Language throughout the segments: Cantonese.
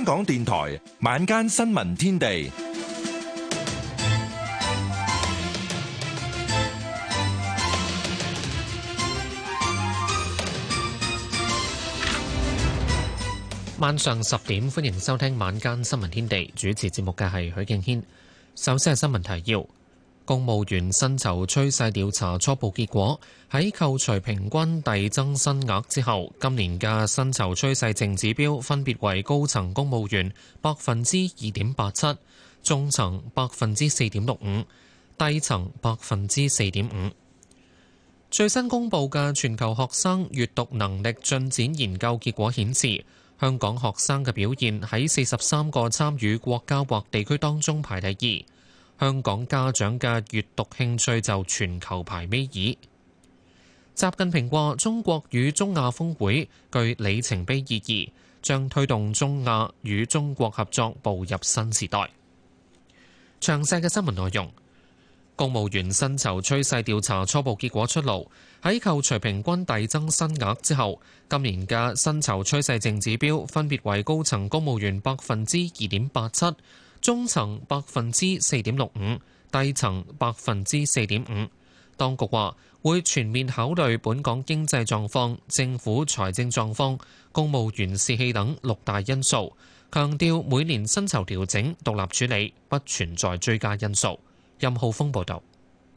香港電台晚間新聞天地，晚上十點，歡迎收聽晚間新聞天地。主持節目嘅係許敬軒，首先係新聞提要。公務員薪酬趨勢調查初步結果，喺扣除平均遞增薪額之後，今年嘅薪酬趨勢淨指標分別為高層公務員百分之二點八七，中層百分之四點六五，低層百分之四點五。最新公佈嘅全球學生閱讀能力進展研究結果顯示，香港學生嘅表現喺四十三個參與國家或地區當中排第二。香港家長嘅閱讀興趣就全球排尾二。習近平話：中國與中亞峰會具里程碑意義，將推動中亞與中國合作步入新時代。詳細嘅新聞內容。公務員薪酬趨勢調查初步結果出爐，喺扣除平均遞增薪額之後，今年嘅薪酬趨勢淨指標分別為高層公務員百分之二點八七。中層百分之四點六五，低層百分之四點五。當局話會全面考慮本港經濟狀況、政府財政狀況、公務員士氣等六大因素，強調每年薪酬調整獨立處理，不存在追加因素。任浩峰報導。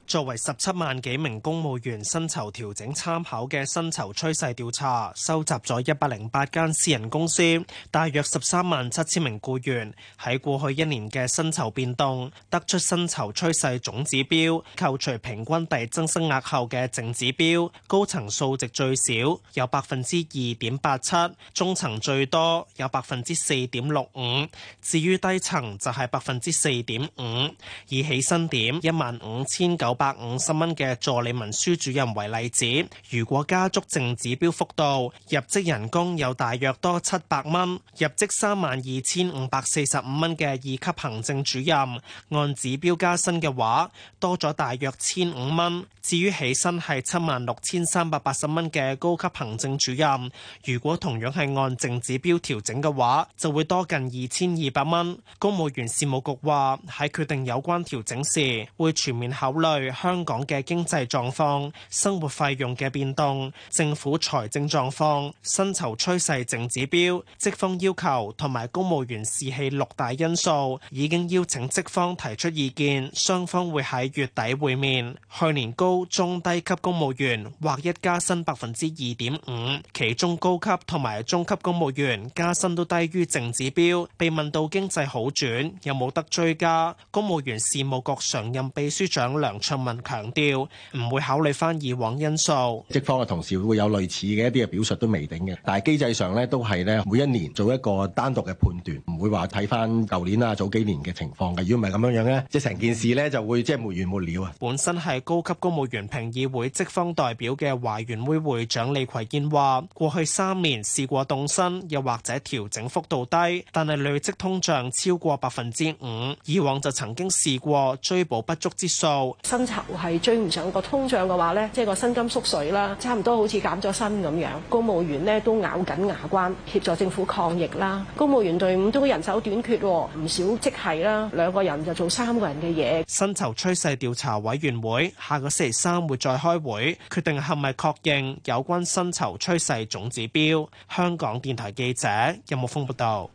作為十七萬幾名公務員薪酬調整參考嘅薪酬趨勢調查，收集咗一百零八間私人公司，大約十三萬七千名僱員喺過去一年嘅薪酬變動，得出薪酬趨勢總指標，扣除平均遞增薪額後嘅淨指標，高層數值最少有百分之二點八七，中層最多有百分之四點六五，至於低層就係百分之四點五，以起薪點一萬五千九百五十蚊嘅助理文書主任為例子，如果加足淨指標幅度，入職人工有大約多七百蚊。入職三萬二千五百四十五蚊嘅二級行政主任，按指標加薪嘅話，多咗大約千五蚊。至於起薪係七萬六千三百八十蚊嘅高級行政主任，如果同樣係按淨指標調整嘅話，就會多近二千二百蚊。公務員事務局話，喺決定有關調整時，會全面考慮。香港嘅經濟狀況生活費用嘅變動政府財政狀況薪酬趨勢淨指標職方要求同埋公務員士氣六大因素，已經邀請職方提出意見雙方會喺月底會面。去年高中低級公務員或一加薪百分之二點五，其中高級同埋中級公務員加薪都低於淨指標被問到經濟好轉有冇得追加，公務員事務局常任秘書長梁。就文強調唔會考慮翻以往因素，職方嘅同事會有類似嘅一啲嘅表述都未定嘅，但係機制上呢都係呢每一年做一個單獨嘅判斷，唔會話睇翻舊年啊、早幾年嘅情況嘅。如果唔係咁樣樣呢，即係成件事呢就會即係沒完沒了啊！本身係高級公務員評議會職方代表嘅華員會會長李葵燕話：過去三年試過凍薪，又或者調整幅度低，但係累積通脹超過百分之五。以往就曾經試過追補不足之數。薪酬係追唔上個通脹嘅話咧，即係個薪金縮水啦，差唔多好似減咗薪咁樣。公務員呢都咬緊牙關，協助政府抗疫啦，公務員隊伍都人手短缺，唔少即係啦，兩個人就做三個人嘅嘢。薪酬趨勢調查委員會下個星期三會再開會，決定係咪確認有關薪酬趨勢總指標。香港電台記者任木峰報道。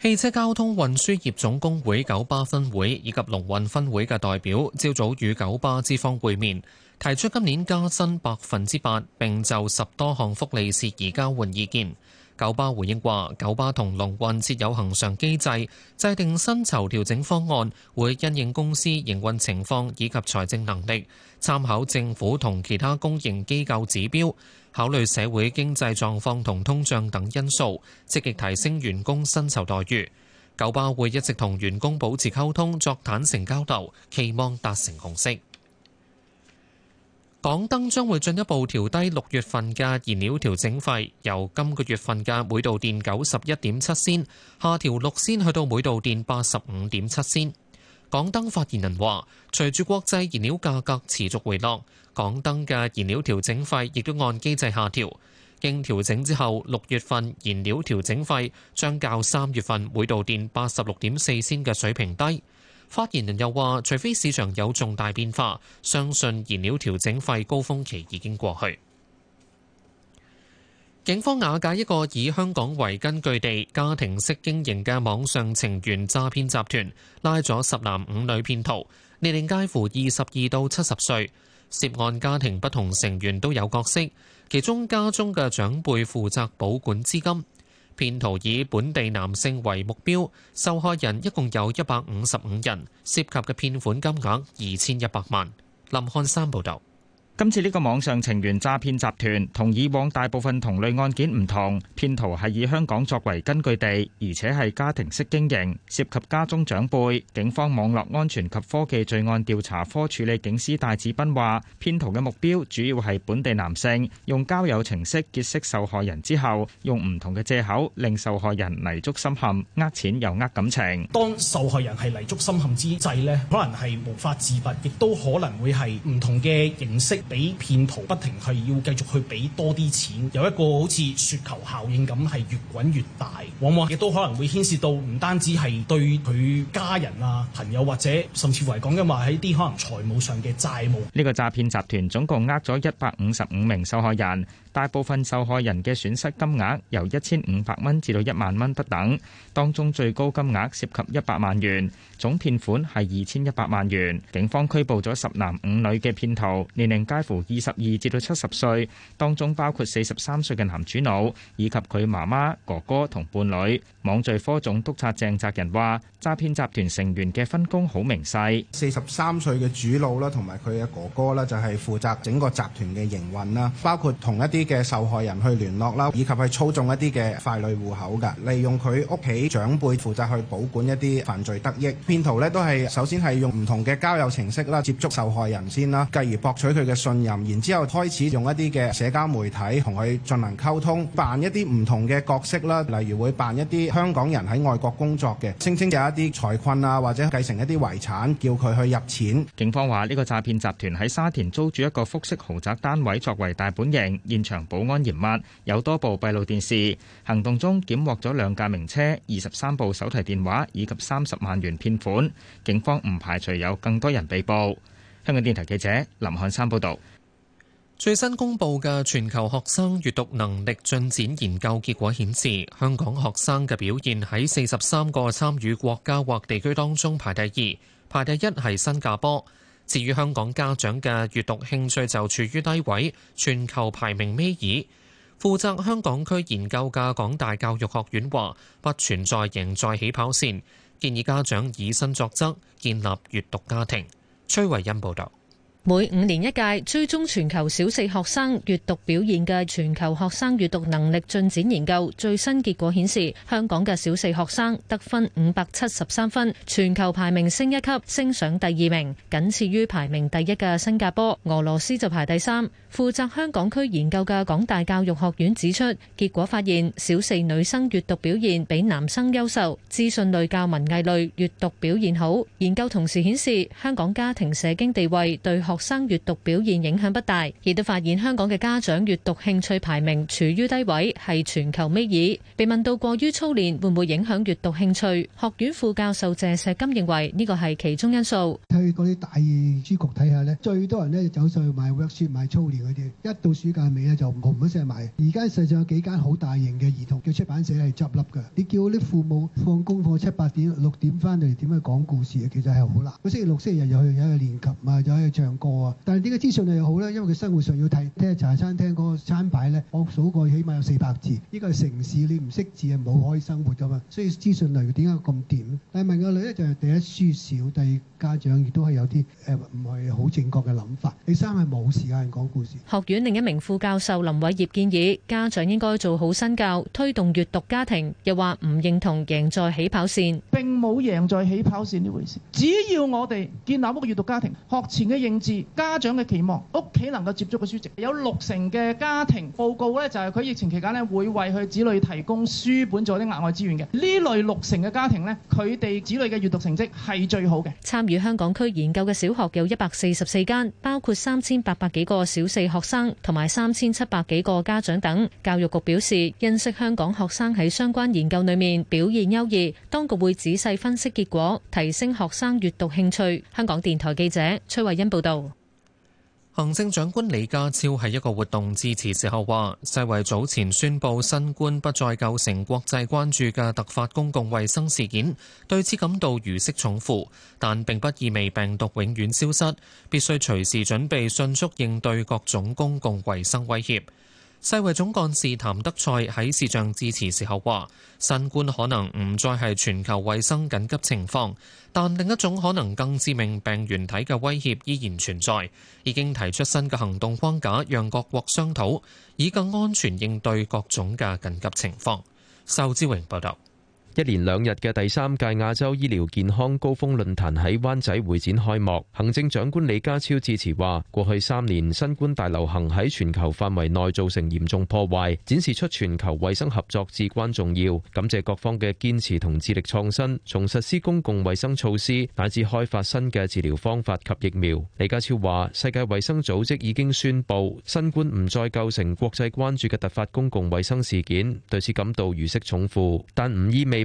汽車交通運輸業總工會九巴分會以及龍運分會嘅代表，朝早與九巴之方會面，提出今年加薪百分之八，並就十多項福利事宜交換意見。九巴回應話：九巴同龍運設有恒常機制，制定薪酬調整方案，會因應公司營運情況以及財政能力，參考政府同其他公營機構指標。考慮社會經濟狀況同通脹等因素，積極提升員工薪酬待遇。九巴會一直同員工保持溝通，作坦誠交流，期望達成共識。港燈將會進一步調低六月份嘅燃料調整費，由今個月份嘅每度電九十一點七仙，下調六仙，去到每度電八十五點七仙。港燈發言人話：隨住國際燃料價格持續回落，港燈嘅燃料調整費亦都按機制下調。經調整之後，六月份燃料調整費將較三月份每度電八十六點四仙嘅水平低。發言人又話：除非市場有重大變化，相信燃料調整費高峰期已經過去。警方瓦解一個以香港為根據地、家庭式經營嘅網上情緣詐騙集團，拉咗十男五女騙徒，年齡介乎二十二到七十歲。涉案家庭不同成員都有角色，其中家中嘅長輩負責保管資金。騙徒以本地男性為目標，受害人一共有一百五十五人，涉及嘅騙款金額二千一百萬。林漢山報道。今次呢個網上情緣詐騙集團同以往大部分同類案件唔同，騙徒係以香港作為根據地，而且係家庭式經營，涉及家中長輩。警方網絡安全及科技罪案調查科處理警司戴志斌話，騙徒嘅目標主要係本地男性，用交友程式結識受害人之後，用唔同嘅借口令受害人泥足深陷，呃錢又呃感情。當受害人係泥足深陷之際呢，可能係無法自拔，亦都可能會係唔同嘅形式。俾騙徒不停係要繼續去俾多啲錢，有一個好似雪球效應咁，係越滾越大。往往亦都可能會牽涉到唔單止係對佢家人啊、朋友，或者甚至乎講緊話喺啲可能財務上嘅債務。呢個詐騙集團總共呃咗一百五十五名受害人，大部分受害人嘅損失金額由一千五百蚊至到一萬蚊不等，當中最高金額涉及一百萬元，總騙款係二千一百萬元。警方拘捕咗十男五女嘅騙徒，年齡介介乎二十二至到七十歲，當中包括四十三歲嘅男主腦以及佢媽媽、哥哥同伴侶。網罪科總督察鄭澤仁話：詐騙集團成員嘅分工好明細。四十三歲嘅主腦啦，同埋佢嘅哥哥啦，就係負責整個集團嘅營運啦，包括同一啲嘅受害人去聯絡啦，以及去操縱一啲嘅傀儡戶口噶。利用佢屋企長輩負責去保管一啲犯罪得益，騙徒咧都係首先係用唔同嘅交友程式啦，接觸受害人先啦，繼而博取佢嘅信任，然之後開始用一啲嘅社交媒體同佢進行溝通，扮一啲唔同嘅角色啦，例如會扮一啲香港人喺外國工作嘅，聲稱有一啲財困啊，或者繼承一啲遺產，叫佢去入錢。警方話呢個詐騙集團喺沙田租住一個複式豪宅單位作為大本營，現場保安嚴密，有多部閉路電視。行動中檢獲咗兩架名車、二十三部手提電話以及三十萬元騙款。警方唔排除有更多人被捕。香港電台記者林漢山報道，最新公布嘅全球學生閱讀能力進展研究結果顯示，香港學生嘅表現喺四十三個參與國家或地區當中排第二，排第一係新加坡。至於香港家長嘅閱讀興趣就處於低位，全球排名尾二。負責香港區研究嘅港大教育學院話，不存在贏在起跑線，建議家長以身作則，建立閱讀家庭。崔慧恩報道：每五年一屆追蹤全球小四學生閱讀表現嘅全球學生閱讀能力進展研究，最新結果顯示，香港嘅小四學生得分五百七十三分，全球排名升一級，升上第二名，僅次於排名第一嘅新加坡，俄羅斯就排第三。負責香港區研究嘅港大教育學院指出，結果發現小四女生閱讀表現比男生優秀，資訊類較文藝類閱讀表現好。研究同時顯示，香港家庭社經地位對學生閱讀表現影響不大。亦都發現香港嘅家長閱讀興趣排名處於低位，係全球尾二。被問到過於操練會唔會影響閱讀興趣，學院副教授謝錫金認為呢個係其中因素。睇嗰啲大書局睇下咧，最多人咧就走上去買 workshop 買操練。嗰啲一到暑假尾咧就冇，唔好成日買。而家世界上有幾間好大型嘅兒童嘅出版社係執笠㗎。你叫啲父母放功課七八點六點翻嚟，點去講故事，其實係好難。佢星期六星期日又去又去練琴啊，又去唱歌啊。但係點解資訊量又好咧？因為佢生活上要睇聽茶餐廳個餐牌咧，我數過起碼有四百字。呢個係城市，你唔識字係冇可以生活噶嘛。所以資訊量點解咁點？但係問個女咧，就係第一書少，第二家長亦都係有啲誒唔係好正確嘅諗法。第三係冇時間講故事。學院另一名副教授林偉業建議，家長應該做好身教，推動閱讀家庭。又話唔認同贏在起跑線，並冇贏在起跑線呢回事。只要我哋建立屋閱讀家庭，學前嘅認知、家長嘅期望，屋企能夠接觸嘅書籍，有六成嘅家庭報告呢就係佢疫情期間咧會為佢子女提供書本做啲額外資源嘅。呢類六成嘅家庭呢，佢哋子女嘅閱讀成績係最好嘅。參與香港區研究嘅小學有一百四十四間，包括三千八百幾個小地學生同埋三千七百幾個家長等，教育局表示，認識香港學生喺相關研究裏面表現優異，當局會仔細分析結果，提升學生閱讀興趣。香港電台記者崔慧欣報道。行政長官李家超喺一個活動致辭時候話，世衞早前宣布新冠不再構成國際關注嘅突發公共衛生事件，對此感到如釋重負，但並不意味病毒永遠消失，必須隨時準備迅速應對各種公共衛生威脅。世衛總幹事譚德賽喺視像致辭時候話，新冠可能唔再係全球衛生緊急情況，但另一種可能更致命病原體嘅威脅依然存在。已經提出新嘅行動框架，讓各國商討，以更安全應對各種嘅緊急情況。仇志榮報道。一連兩日嘅第三屆亞洲醫療健康高峰論壇喺灣仔會展開幕。行政長官李家超致辭話：過去三年，新冠大流行喺全球範圍內造成嚴重破壞，展示出全球衛生合作至關重要。感謝各方嘅堅持同致力創新，從實施公共衛生措施，乃至開發新嘅治療方法及疫苗。李家超話：世界衛生組織已經宣布，新冠唔再構成國際關注嘅突發公共衛生事件，對此感到如釋重負，但唔意味。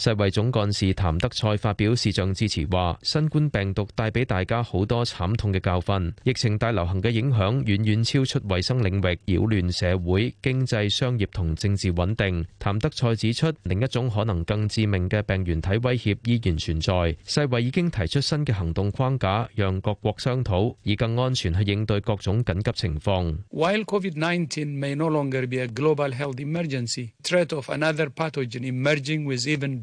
世衛總幹事譚德賽發表視像致辭，話：新冠病毒帶俾大家好多慘痛嘅教訓，疫情大流行嘅影響遠遠超出衛生領域，擾亂社會、經濟、商業同政治穩定。譚德賽指出，另一種可能更致命嘅病原體威脅依然存在，世衛已經提出新嘅行動框架，讓各國商討，以更安全去應對各種緊急情況。While COVID-19 may no longer be a global health emergency, the threat of another pathogen emerging with even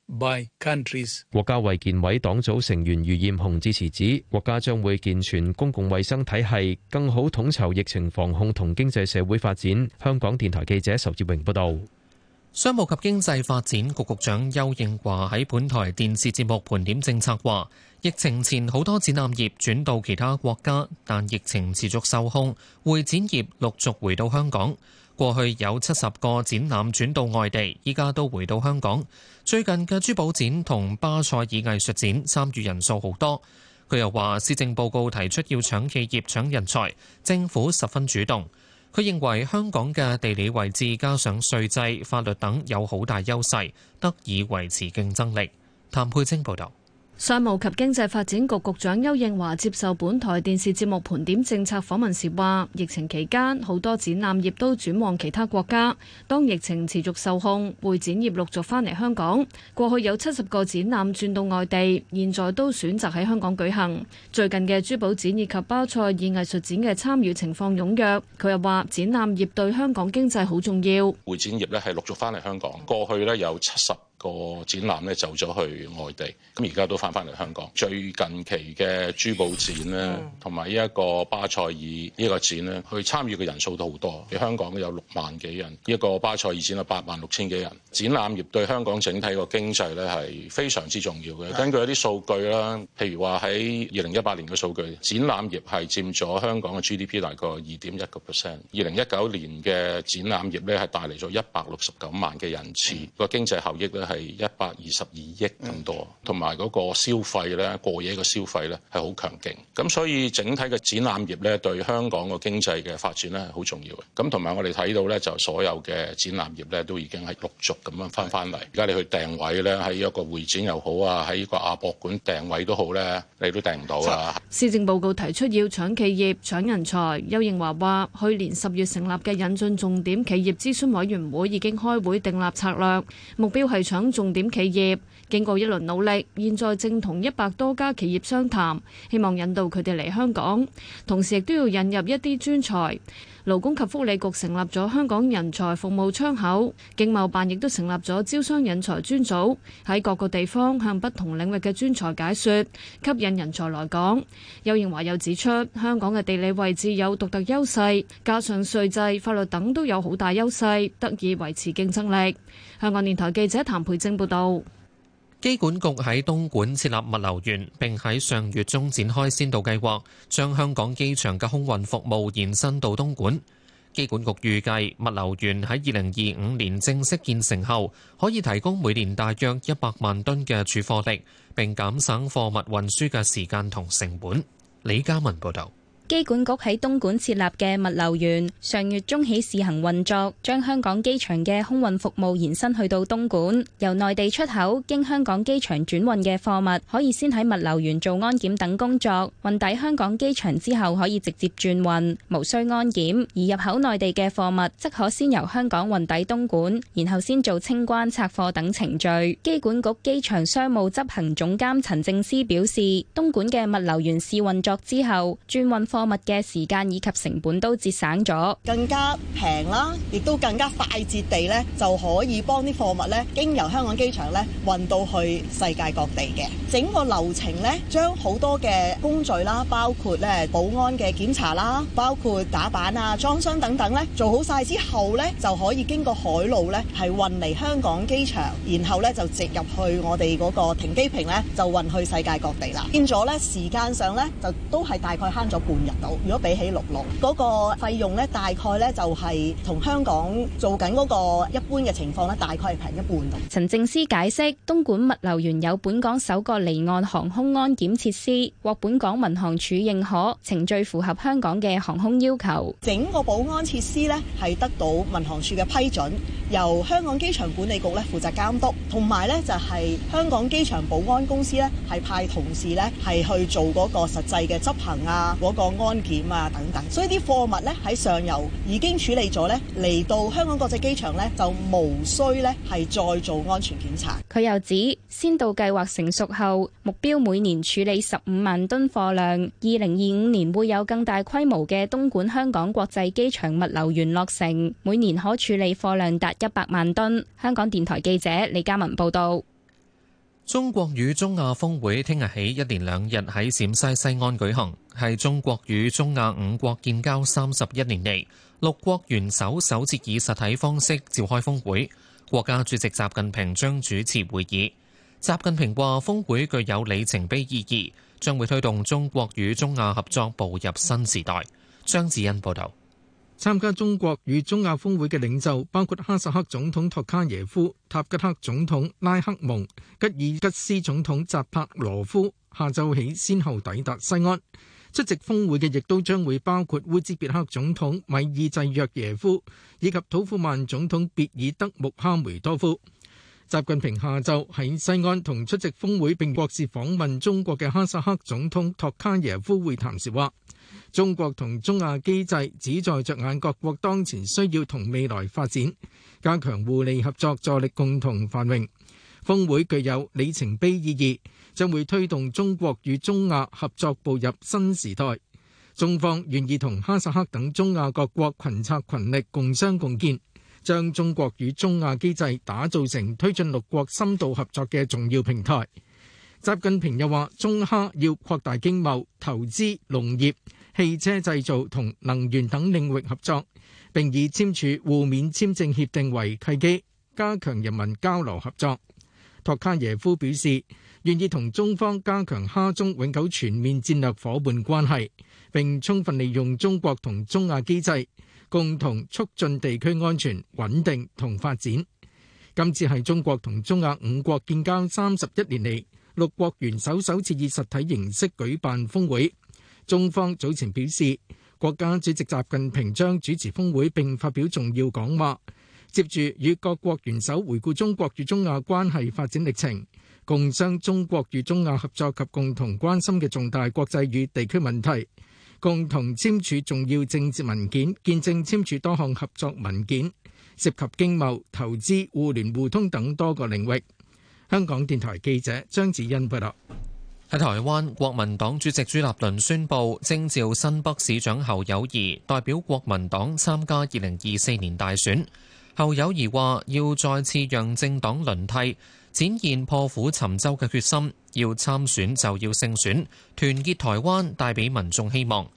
國家衛健委黨組成員余艷紅致辭指，國家將會健全公共衛生體系，更好統籌疫情防控同經濟社會發展。香港電台記者仇志榮報導。商務及經濟發展局局長邱應華喺本台電視節目盤點政策話：疫情前好多展覽業轉到其他國家，但疫情持續受控，會展業陸續回到香港。過去有七十個展覽轉到外地，依家都回到香港。最近嘅珠寶展同巴塞爾藝術展參與人數好多。佢又話，施政報告提出要搶企業、搶人才，政府十分主動。佢認為香港嘅地理位置加上稅制、法律等有好大優勢，得以維持競爭力。譚佩晶報道。商務及經濟發展局局長邱應華接受本台電視節目《盤點政策》訪問時話：疫情期間好多展覽業都轉往其他國家，當疫情持續受控，會展業陸續返嚟香港。過去有七十個展覽轉到外地，現在都選擇喺香港舉行。最近嘅珠寶展以及巴塞爾藝術展嘅參與情況踊躍。佢又話：展覽業對香港經濟好重要。會展業呢係陸續返嚟香港，過去呢，有七十。個展覽咧走咗去外地，咁而家都翻翻嚟香港。最近期嘅珠寶展咧，同埋依一個巴塞爾呢個展咧，去參與嘅人數都好多。香港有六萬幾人，一個巴塞爾展啊八萬六千幾人。展覽業對香港整體個經濟咧係非常之重要嘅。根據一啲數據啦，譬如話喺二零一八年嘅數據，展覽業係佔咗香港嘅 GDP 大概二點一個 percent。二零一九年嘅展覽業咧係帶嚟咗一百六十九萬嘅人次，個、嗯、經濟效益咧。係一百二十二億咁多，同埋嗰個消費咧，過夜嘅消費咧係好強勁，咁所以整體嘅展覽業咧對香港個經濟嘅發展咧係好重要嘅。咁同埋我哋睇到咧，就所有嘅展覽業咧都已經係陸續咁樣翻翻嚟。而家你去訂位咧，喺一個會展又好啊，喺個亞博館訂位都好咧，你都訂唔到啦。施政報告提出要搶企業、搶人才，丘應樺話：去年十月成立嘅引進重點企業諮詢委員會已經開會訂立策略，目標係搶。等重點企業經過一輪努力，現在正同一百多家企業商談，希望引導佢哋嚟香港，同時亦都要引入一啲專才。勞工及福利局成立咗香港人才服務窗口，經貿辦亦都成立咗招商引才專組，喺各個地方向不同領域嘅專才解說，吸引人才來港。丘應樺又指出，香港嘅地理位置有獨特優勢，加上稅制、法律等都有好大優勢，得以維持競爭力。香港電台記者譚培晶報道。機管局喺東莞設立物流園，並喺上月中展開先導計劃，將香港機場嘅空運服務延伸到東莞。機管局預計，物流園喺二零二五年正式建成後，可以提供每年大約一百萬噸嘅儲貨力，並減省貨物運輸嘅時間同成本。李嘉文報道。機管局喺東莞設立嘅物流園，上月中起試行運作，將香港機場嘅空運服務延伸去到東莞。由內地出口經香港機場轉運嘅貨物，可以先喺物流園做安檢等工作，運抵香港機場之後可以直接轉運，無需安檢；而入口內地嘅貨物，則可先由香港運抵東莞，然後先做清關、拆貨等程序。機管局機場商務執行總監陳正思表示，東莞嘅物流園試運作之後，轉運貨。貨物嘅時間以及成本都節省咗，更加平啦，亦都更加快捷地咧，就可以幫啲貨物咧經由香港機場咧運到去世界各地嘅。整個流程咧，將好多嘅工序啦，包括咧保安嘅檢查啦，包括打板啊、裝箱等等咧，做好晒之後咧，就可以經過海路咧係運嚟香港機場，然後咧就直入去我哋嗰個停機坪咧，就運去世界各地啦。變咗咧，時間上咧就都係大概慳咗半日。如果比起六六嗰個費用咧，大概咧就係同香港做緊嗰個一般嘅情況咧，大概係平一半度。陳正思解釋，東莞物流園有本港首個離岸航空安檢設施，獲本港民航處認可，程序符合香港嘅航空要求。整個保安設施咧係得到民航處嘅批准，由香港機場管理局咧負責監督，同埋咧就係香港機場保安公司咧係派同事咧係去做嗰個實際嘅執行啊，嗰、嗰個。安檢啊等等，所以啲貨物咧喺上游已經處理咗咧，嚟到香港國際機場咧就無需咧係再做安全檢查。佢又指，先導計劃成熟後，目標每年處理十五萬噸貨量。二零二五年會有更大規模嘅東莞香港國際機場物流園落成，每年可處理貨量達一百萬噸。香港電台記者李嘉文報道。中國與中亞峰會聽日起一連兩日喺陝西西安舉行，係中國與中亞五國建交三十一年嚟，六國元首首次以實體方式召開峰會。國家主席習近平將主持會議。習近平話峰會具有里程碑意義，將會推動中國與中亞合作步入新時代。張子恩報道。參加中國與中亞峰會嘅領袖包括哈薩克總統托卡耶夫、塔吉克總統拉赫蒙、吉爾吉斯總統扎帕羅夫，下晝起先後抵達西安。出席峰會嘅亦都將會包括烏茲別克總統米爾濟約耶夫以及土庫曼總統別爾德穆哈梅多夫。習近平下晝喺西安同出席峰會並國事訪問中國嘅哈薩克總統托卡耶夫會談時話。中國同中亞機制旨在着眼各國當前需要同未來發展，加強互利合作，助力共同繁榮。峰會具有里程碑意義，將會推動中國與中亞合作步入新時代。中方願意同哈薩克等中亞各國群策群力，共商共建，將中國與中亞機制打造成推進六國深度合作嘅重要平台。習近平又話，中哈要擴大經貿、投資、農業。汽車製造同能源等領域合作，並以簽署互免簽證協定為契機，加強人民交流合作。托卡耶夫表示願意同中方加強哈中永久全面戰略夥伴關係，並充分利用中國同中亞機制，共同促進地區安全穩定同發展。今次係中國同中亞五國建交三十一年嚟，六國元首首次以實體形式舉辦峰會。中方早前表示，國家主席習近平將主持峰會並發表重要講話，接住與各國元首回顧中國與中亞關係發展歷程，共商中國與中亞合作及共同關心嘅重大國際與地區問題，共同簽署重要政治文件，見證簽署多項合作文件，涉及經貿、投資、互聯互通等多個領域。香港電台記者張子欣報道。喺台灣，國民黨主席朱立倫宣布徵召新北市長侯友宜代表國民黨參加二零二四年大選。侯友宜話：要再次讓政黨輪替，展現破釜沉舟嘅決心，要參選就要勝選，團結台灣，帶俾民眾希望。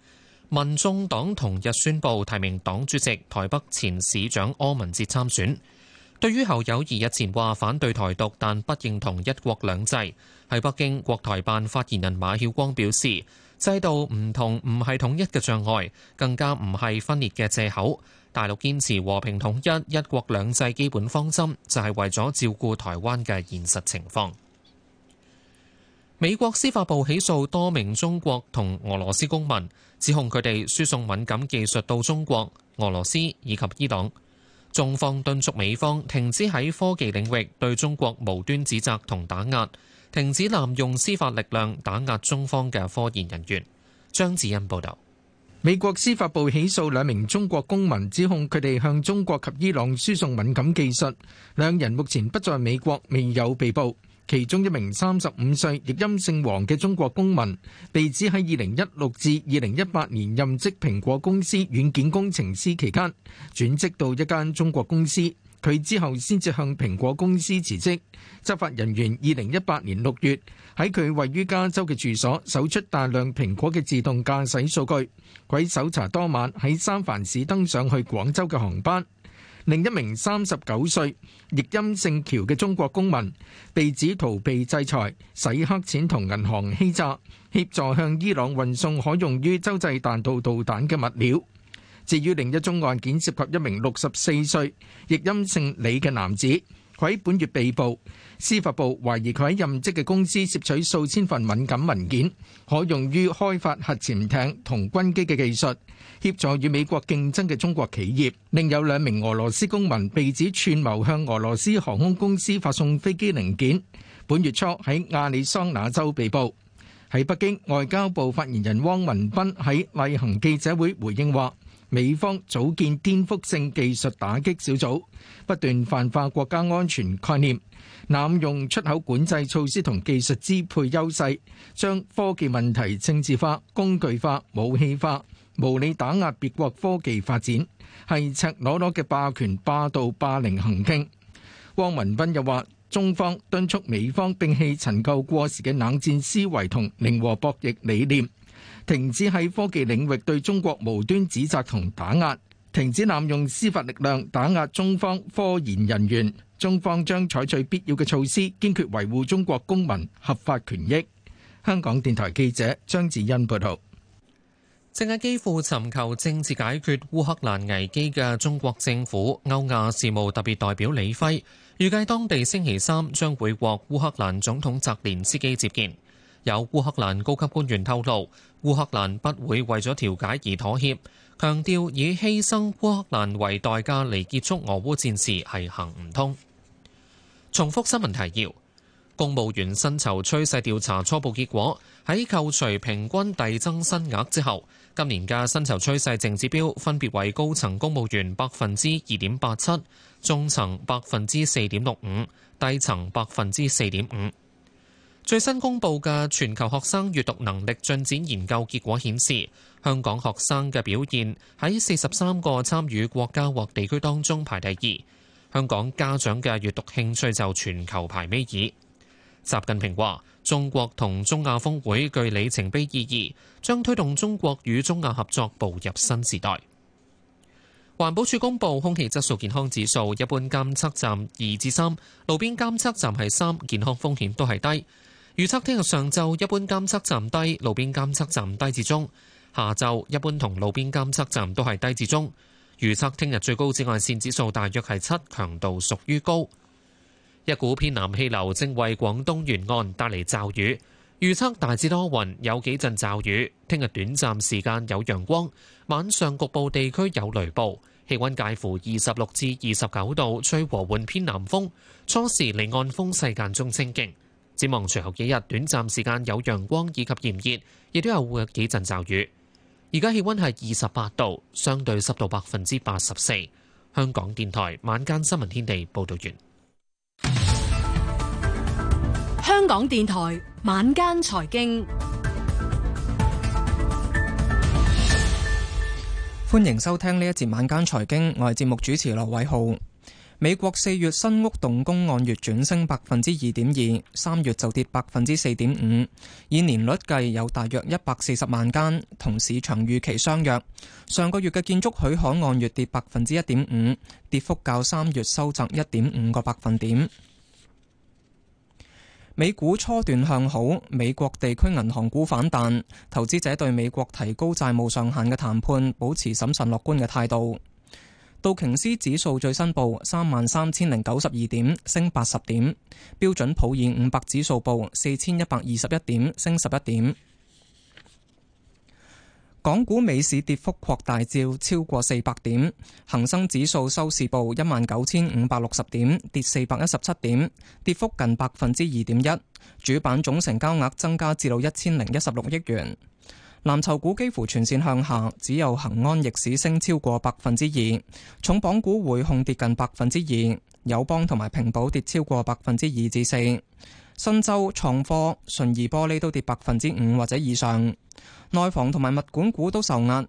民眾黨同日宣布提名黨主席台北前市長柯文哲參選。對於侯友宜日前話反對台獨，但不認同一國兩制。喺北京，國台辦發言人馬曉光表示，制度唔同唔係統一嘅障礙，更加唔係分裂嘅藉口。大陸堅持和平統一、一國兩制基本方針，就係為咗照顧台灣嘅現實情況。美國司法部起訴多名中國同俄羅斯公民，指控佢哋輸送敏感技術到中國、俄羅斯以及伊朗。中方敦促美方停止喺科技領域對中國無端指責同打壓。停止濫用司法力量打壓中方嘅科研人員。張子欣報道，美國司法部起訴兩名中國公民，指控佢哋向中國及伊朗輸送敏感技術。兩人目前不在美國，未有被捕。其中一名三十五歲、譯音姓黃嘅中國公民，被指喺二零一六至二零一八年任職蘋果公司軟件工程師期間，轉職到一間中國公司。佢之後先至向蘋果公司辭職。執法人員二零一八年六月喺佢位於加州嘅住所搜出大量蘋果嘅自動駕駛數據。佢搜查當晚喺三藩市登上去廣州嘅航班。另一名三十九歲、譯音姓喬嘅中國公民被指逃避制裁、洗黑錢同銀行欺詐，協助向伊朗運送可用於洲際彈道導彈嘅物料。至於另一宗案件，涉及一名六十四歲、譯音姓李嘅男子，佢喺本月被捕。司法部懷疑佢喺任職嘅公司竊取數千份敏感文件，可用於開發核潛艇同軍機嘅技術，協助與美國競爭嘅中國企業。另有兩名俄羅斯公民被指串謀向俄羅斯航空公司發送飛機零件，本月初喺亞利桑那州被捕。喺北京，外交部發言人汪文斌喺例行記者會回應話：美方組建顛覆性技術打擊小組，不斷泛化國家安全概念，濫用出口管制措施同技術支配優勢，將科技問題政治化、工具化、武器化，無理打壓別國科技發展，係赤裸裸嘅霸權霸道、霸凌行徑。汪文斌又話中方敦促美方摒棄陳舊過時嘅冷戰思維同零和博弈理念。停止喺科技領域對中國無端指責同打壓，停止濫用司法力量打壓中方科研人員。中方將採取必要嘅措施，堅決維護中國公民合法權益。香港電台記者張子欣報導。正喺基輔尋求政治解決烏克蘭危機嘅中國政府歐亞事務特別代表李輝，預計當地星期三將會獲烏克蘭總統澤連斯基接見。有烏克蘭高級官員透露，烏克蘭不會為咗調解而妥協，強調以犧牲烏克蘭為代價嚟結束俄烏戰事係行唔通。重複新聞提要：公務員薪酬趨勢調查初步結果，喺扣除平均遞增薪額之後，今年嘅薪酬趨勢淨指標分別為高層公務員百分之二點八七，中層百分之四點六五，低層百分之四點五。最新公布嘅全球學生閱讀能力進展研究結果顯示，香港學生嘅表現喺四十三個參與國家或地區當中排第二。香港家長嘅閱讀興趣就全球排尾二。習近平話：中國同中亞峰會具里程碑意義，將推動中國與中亞合作步入新時代。環保署公布空氣質素健康指數，一般監測站二至三，路邊監測站係三，健康風險都係低。預測聽日上晝一般監測站低，路邊監測站低至中；下晝一般同路邊監測站都係低至中。預測聽日最高紫外線指數大約係七，強度屬於高。一股偏南氣流正為廣東沿岸帶嚟驟雨，預測大致多雲，有幾陣驟雨。聽日短暫時間有陽光，晚上局部地區有雷暴。氣温介乎二十六至二十九度，吹和緩偏南風，初時離岸風勢間中清勁。展望隨後幾日，短暫時間有陽光以及炎熱，亦都有幾陣驟雨。而家氣溫係二十八度，相對濕度百分之八十四。香港電台晚間新聞天地報道完。香港電台晚間財經，歡迎收聽呢一節晚間財經，我係節目主持羅偉浩。美國四月新屋動工按月轉升百分之二點二，三月就跌百分之四點五，以年率計有大約一百四十萬間，同市場預期相若。上個月嘅建築許可按月跌百分之一點五，跌幅較三月收窄一點五個百分點。美股初段向好，美國地區銀行股反彈，投資者對美國提高債務上限嘅談判保持審慎樂觀嘅態度。道瓊斯指數最新報三萬三千零九十二點，升八十點；標準普爾五百指數報四千一百二十一點，升十一點。港股、美市跌幅擴大，照超過四百點。恒生指數收市報一萬九千五百六十點，跌四百一十七點，跌幅近百分之二點一。主板總成交額增加至到一千零一十六億元。藍籌股幾乎全線向下，只有恒安逆市升超過百分之二。重磅股匯控跌近百分之二，友邦同埋平保跌超過百分之二至四。新洲、創科、順義玻璃都跌百分之五或者以上。內房同埋物管股都受壓，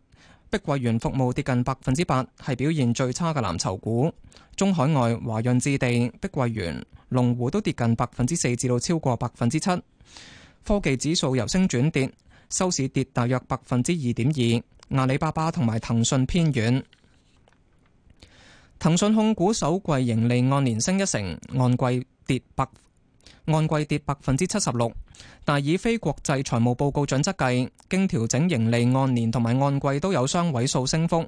碧桂園服務跌近百分之八，係表現最差嘅藍籌股。中海外、華潤置地、碧桂園、龍湖都跌近百分之四至到超過百分之七。科技指數由升轉跌。收市跌大約百分之二點二，阿里巴巴同埋騰訊偏軟。騰訊控股首季盈利按年升一成，按季跌百按季跌百分之七十六，但以非國際財務報告準則計，經調整盈利按年同埋按季都有雙位數升幅。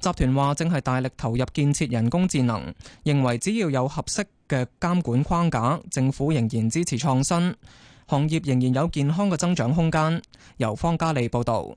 集團話正係大力投入建設人工智能，認為只要有合適嘅監管框架，政府仍然支持創新。行業仍然有健康嘅增長空間。由方嘉利報道，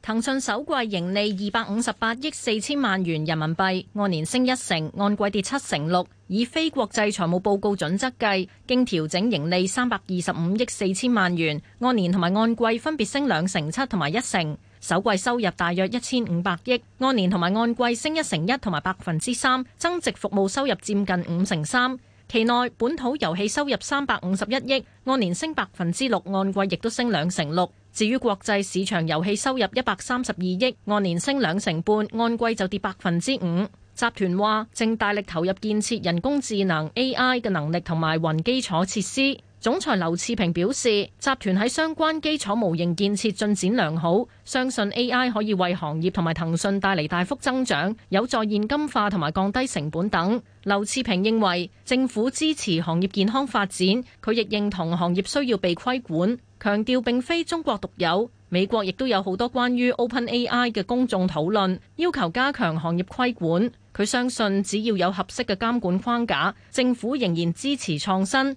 騰訊首季盈利二百五十八億四千萬元人民幣，按年升一成，按季跌七成六。以非國際財務報告準則計，經調整盈利三百二十五億四千萬元，按年同埋按季分別升兩成七同埋一成。首季收入大約一千五百億，按年同埋按季升一成一同埋百分之三，增值服務收入佔近五成三。期內本土遊戲收入三百五十一億，按年升百分之六，按季亦都升兩成六。至於國際市場遊戲收入一百三十二億，按年升兩成半，按季就跌百分之五。集團話正大力投入建設人工智能 AI 嘅能力同埋雲基礎設施。總裁劉熾平表示，集團喺相關基礎模型建設進展良好，相信 AI 可以為行業同埋騰訊帶嚟大幅增長，有助現金化同埋降低成本等。劉熾平認為政府支持行業健康發展，佢亦認同行業需要被規管，強調並非中國獨有，美國亦都有好多關於 OpenAI 嘅公眾討論，要求加強行業規管。佢相信只要有合適嘅監管框架，政府仍然支持創新。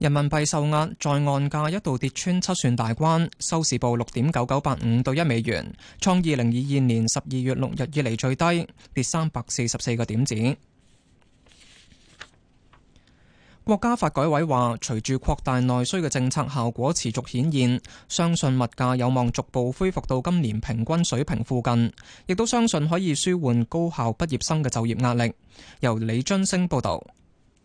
人民幣受壓，在岸價一度跌穿七算大關，收市報六點九九八五兌一美元，創二零二二年十二月六日以嚟最低，跌三百四十四個點子。國家發改委話，隨住擴大內需嘅政策效果持續顯現，相信物價有望逐步恢復到今年平均水平附近，亦都相信可以舒緩高校畢業生嘅就業壓力。由李津升報導。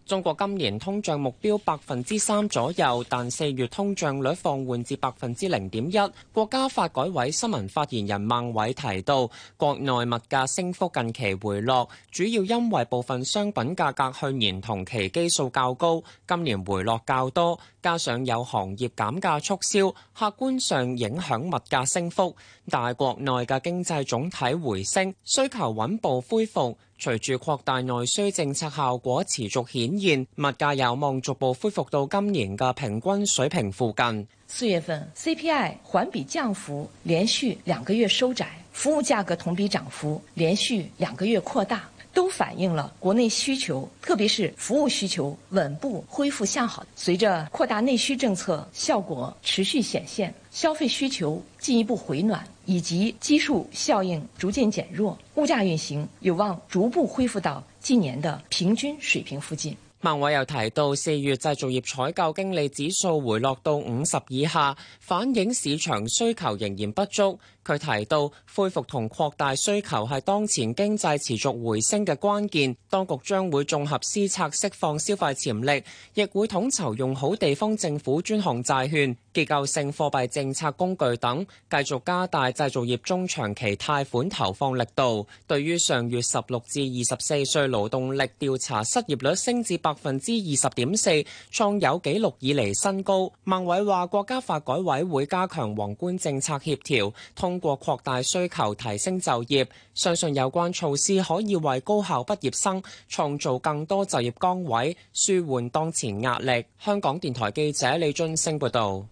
中國今年通脹目標百分之三左右，但四月通脹率放緩至百分之零點一。國家發改委新聞發言人孟偉提到，國內物價升幅近期回落，主要因為部分商品價格去年同期基數較高，今年回落較多，加上有行業減價促銷，客觀上影響物價升幅。但國內嘅經濟總體回升，需求穩步恢復。隨住擴大內需政策效果持續顯現，物價有望逐步恢復到今年嘅平均水平附近。四月份 CPI 環比降幅連續兩個月收窄，服務價格同比漲幅連續兩個月擴大，都反映了國內需求，特別是服務需求穩步恢復向好。隨着擴大內需政策效果持續顯現，消費需求進一步回暖，以及基數效應逐漸減弱，物價運行有望逐步恢復到近年的平均水平附近。孟偉又提到，四月製造業採購經理指數回落到五十以下，反映市場需求仍然不足。佢提到，恢復同擴大需求係當前經濟持續回升嘅關鍵，當局將會綜合施策釋放消費潛力，亦會統籌用好地方政府專項債券、結構性貨幣政策工具等，繼續加大製造業中長期貸款投放力度。對於上月十六至二十四歲勞動力調查失業率升至百。百分之二十點四，創有紀錄以嚟新高。孟偉話國家發改委會加強宏觀政策協調，通過擴大需求提升就業，相信有關措施可以為高校畢業生創造更多就業崗位，舒緩當前壓力。香港電台記者李俊升報道。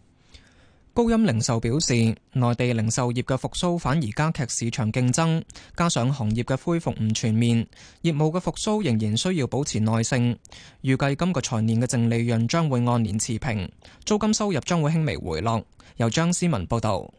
高鑫零售表示，內地零售業嘅復甦反而加劇市場競爭，加上行業嘅恢復唔全面，業務嘅復甦仍然需要保持耐性。預計今個財年嘅淨利潤將會按年持平，租金收入將會輕微回落。由張思文報導。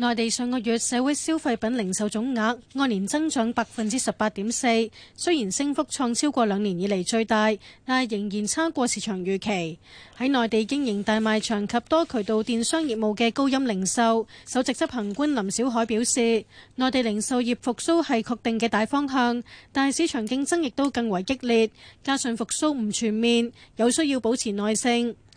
內地上個月社會消費品零售總額按年增長百分之十八點四，雖然升幅創超過兩年以嚟最大，但係仍然差過市場預期。喺內地經營大賣場及多渠道電商業務嘅高鑫零售首席執行官林小海表示，內地零售業復甦係確定嘅大方向，但係市場競爭亦都更為激烈，加上復甦唔全面，有需要保持耐性。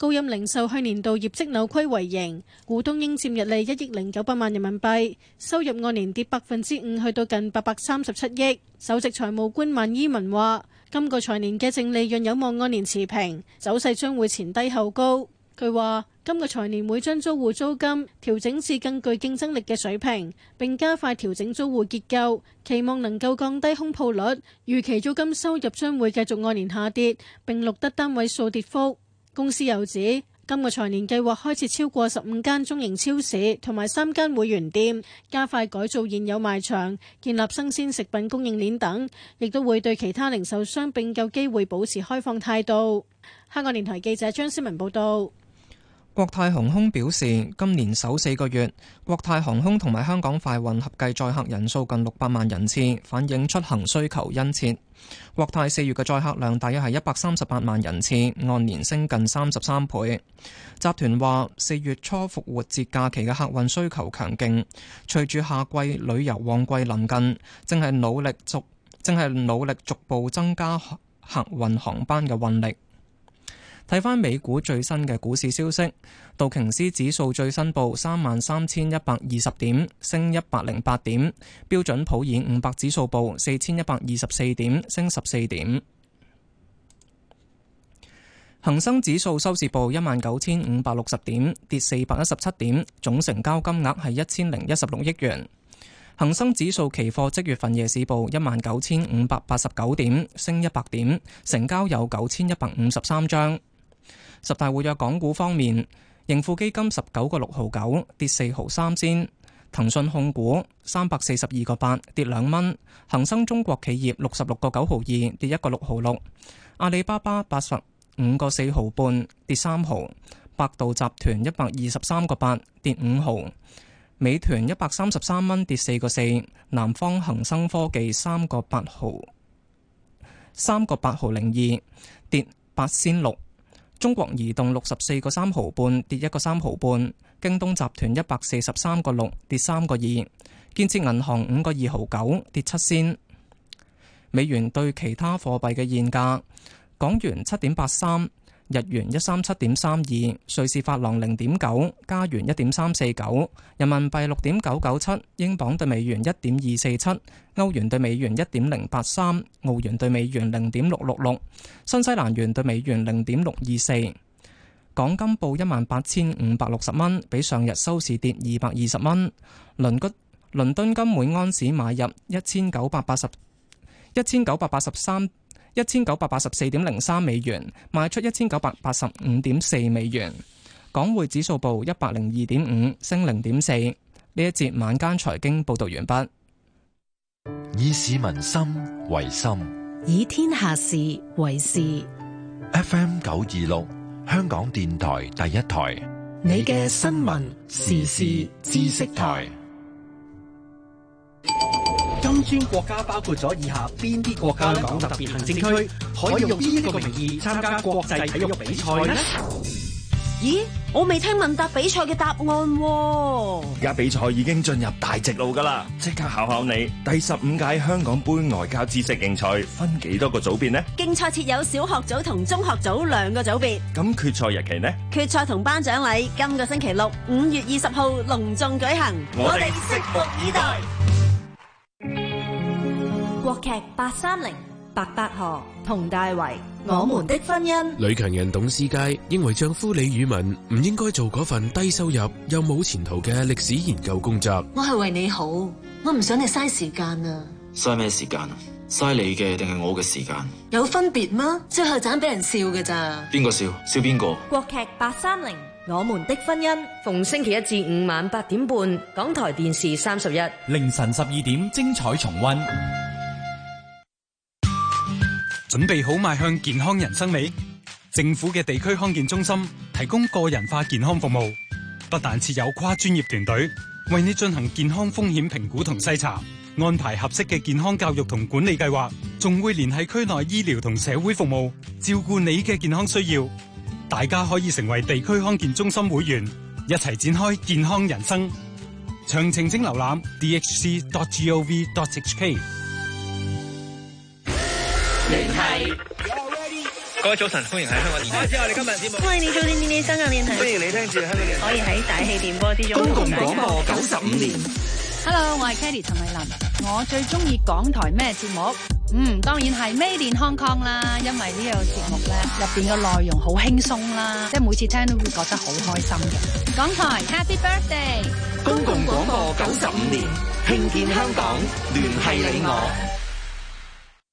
高鑫零售去年度業績扭虧為盈，股東應佔溢利一億零九百萬人民幣，收入按年跌百分之五，去到近八百三十七億。首席財務官萬依文話：今個財年嘅淨利潤有望按年持平，走勢將會前低後高。佢話今個財年會將租戶租金調整至更具競爭力嘅水平，並加快調整租戶結構，期望能夠降低空鋪率。預期租金收入將會繼續按年下跌，並錄得單位數跌幅。公司又指，今個財年計劃開設超過十五間中型超市，同埋三間會員店，加快改造現有賣場，建立新鮮食品供應鏈等，亦都會對其他零售商併購機會保持開放態度。香港電台記者張思文報道。國泰航空表示，今年首四個月，國泰航空同埋香港快運合計載客人數近六百萬人次，反映出行需求殷切。國泰四月嘅載客量大約係一百三十八萬人次，按年升近三十三倍。集團話，四月初復活節假期嘅客運需求強勁，隨住夏季旅遊旺季臨近，正係努力逐正係努力逐步增加客運航班嘅運力。睇翻美股最新嘅股市消息，道瓊斯指數最新報三萬三千一百二十點，升一百零八點；標準普爾五百指數報四千一百二十四點，升十四點；恒生指數收市報一萬九千五百六十點，跌四百一十七點，總成交金額係一千零一十六億元。恒生指數期貨即月份夜市報一萬九千五百八十九點，升一百點，成交有九千一百五十三張。十大活躍港股方面，盈富基金十九個六毫九跌四毫三仙，騰訊控股三百四十二個八跌兩蚊；恒生中國企業六十六個九毫二跌一個六毫六；阿里巴巴八十五個四毫半跌三毫；百度集團一百二十三個八跌五毫；美團一百三十三蚊跌四個四；南方恒生科技三個八毫三個八毫零二跌八仙六。中國移動六十四個三毫半跌一個三毫半，京東集團一百四十三個六跌三個二，建設銀行五個二毫九跌七仙。美元對其他貨幣嘅現價，港元七點八三。日元一三七點三二，瑞士法郎零點九，加元一點三四九，人民幣六點九九七，英鎊兌美元一點二四七，歐元兌美元一點零八三，澳元兌美元零點六六六，新西蘭元兌美元零點六二四。港金報一萬八千五百六十蚊，比上日收市跌二百二十蚊。倫，倫敦金每盎司買入一千九百八十一千九百八十三。一千九百八十四點零三美元，賣出一千九百八十五點四美元。港匯指數報一百零二點五，升零點四。呢一節晚間財經報道完畢。以市民心為心，以天下事為事。FM 九二六，香港電台第一台，你嘅新聞時事知識台。金磚國家包括咗以下邊啲國家？香港特別行政區可以用邊一個名義參加國際體育比賽呢？咦，我未聽問答比賽嘅答案喎。而家比賽已經進入大直路噶啦，即刻考考你！第十五屆香港杯外交知識競賽分幾多個組別呢？競賽設有小學組同中學組兩個組別。咁決賽日期呢？決賽同頒獎禮今個星期六五月二十號隆重舉行，我哋拭目以待。劇八三零，白百何、佟大為，我們的婚姻。女強人董思佳認為丈夫李宇文唔應該做嗰份低收入又冇前途嘅歷史研究工作。我係為你好，我唔想你嘥時間啊！嘥咩時間啊？嘥你嘅定係我嘅時間？有分別嗎？最後盞俾人笑㗎咋？邊個笑？笑邊個？國劇八三零《我們的婚姻》逢星期一至五晚八點半，港台電視三十一凌晨十二點精彩重溫。準備好邁向健康人生未？政府嘅地區康健中心提供個人化健康服務，不但設有跨專業團隊為你進行健康風險評估同篩查，安排合適嘅健康教育同管理計劃，仲會聯繫區內醫療同社會服務照顧你嘅健康需要。大家可以成為地區康健中心會員，一齊展開健康人生。詳情請瀏覽 dhc.gov.hk。聯繫。各位早晨，歡迎喺香港電台。歡迎你做電台，香港電台。歡迎你聽住香港電台。可以喺大氣電波之中。公共廣播九十五年。Hello，我係 Kelly 陳慧琳。我最中意港台咩節目？嗯，當然係 Made in Hong Kong 啦，因為呢個節目咧入邊嘅內容好輕鬆啦，即係每次聽都會覺得好開心嘅。港台 Happy Birthday。公共廣播九十五年，慶建香港，聯繫你我。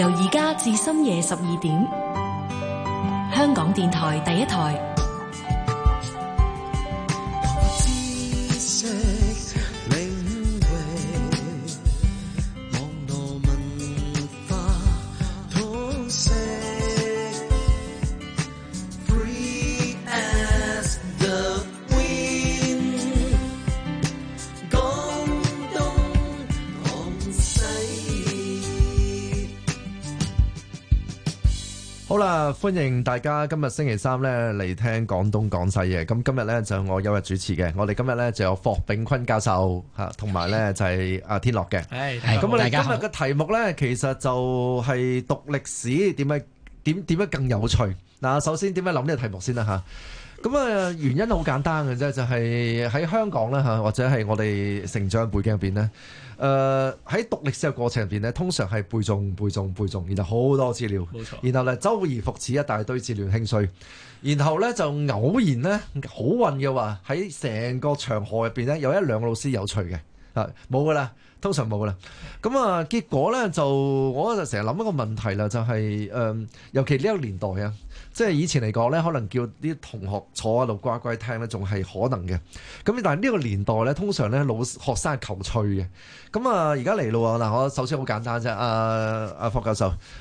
由而家至深夜十二點，香港電台第一台。歡迎大家，今日星期三咧，嚟聽廣東廣西嘢。咁今日咧，就我休日主持嘅，我哋今日咧就有霍炳坤教授吓，同埋咧就係阿天樂嘅。係，咁我哋今日嘅題目咧，其實就係讀歷史點嘅點點樣更有趣。嗱，首先點樣諗呢個題目先啦吓。咁啊，原因好簡單嘅啫，就係喺香港咧吓，或者係我哋成長背景入邊咧。誒喺讀歷史嘅過程入邊咧，通常係背誦、背誦、背誦，然後好多資料，冇錯，然後咧周而復始一大堆治亂興衰，然後咧就偶然咧，好運嘅話喺成個長河入邊咧有一兩個老師有趣嘅啊，冇噶啦，通常冇啦。咁啊，結果咧就我就成日諗一個問題啦，就係誒，尤其呢個年代啊。即係以前嚟講咧，可能叫啲同學坐喺度乖乖聽咧，仲係可能嘅。咁但係呢個年代咧，通常咧老學生係求趣嘅。咁啊，而家嚟咯嗱，我首先好簡單啫，啊，阿霍教授。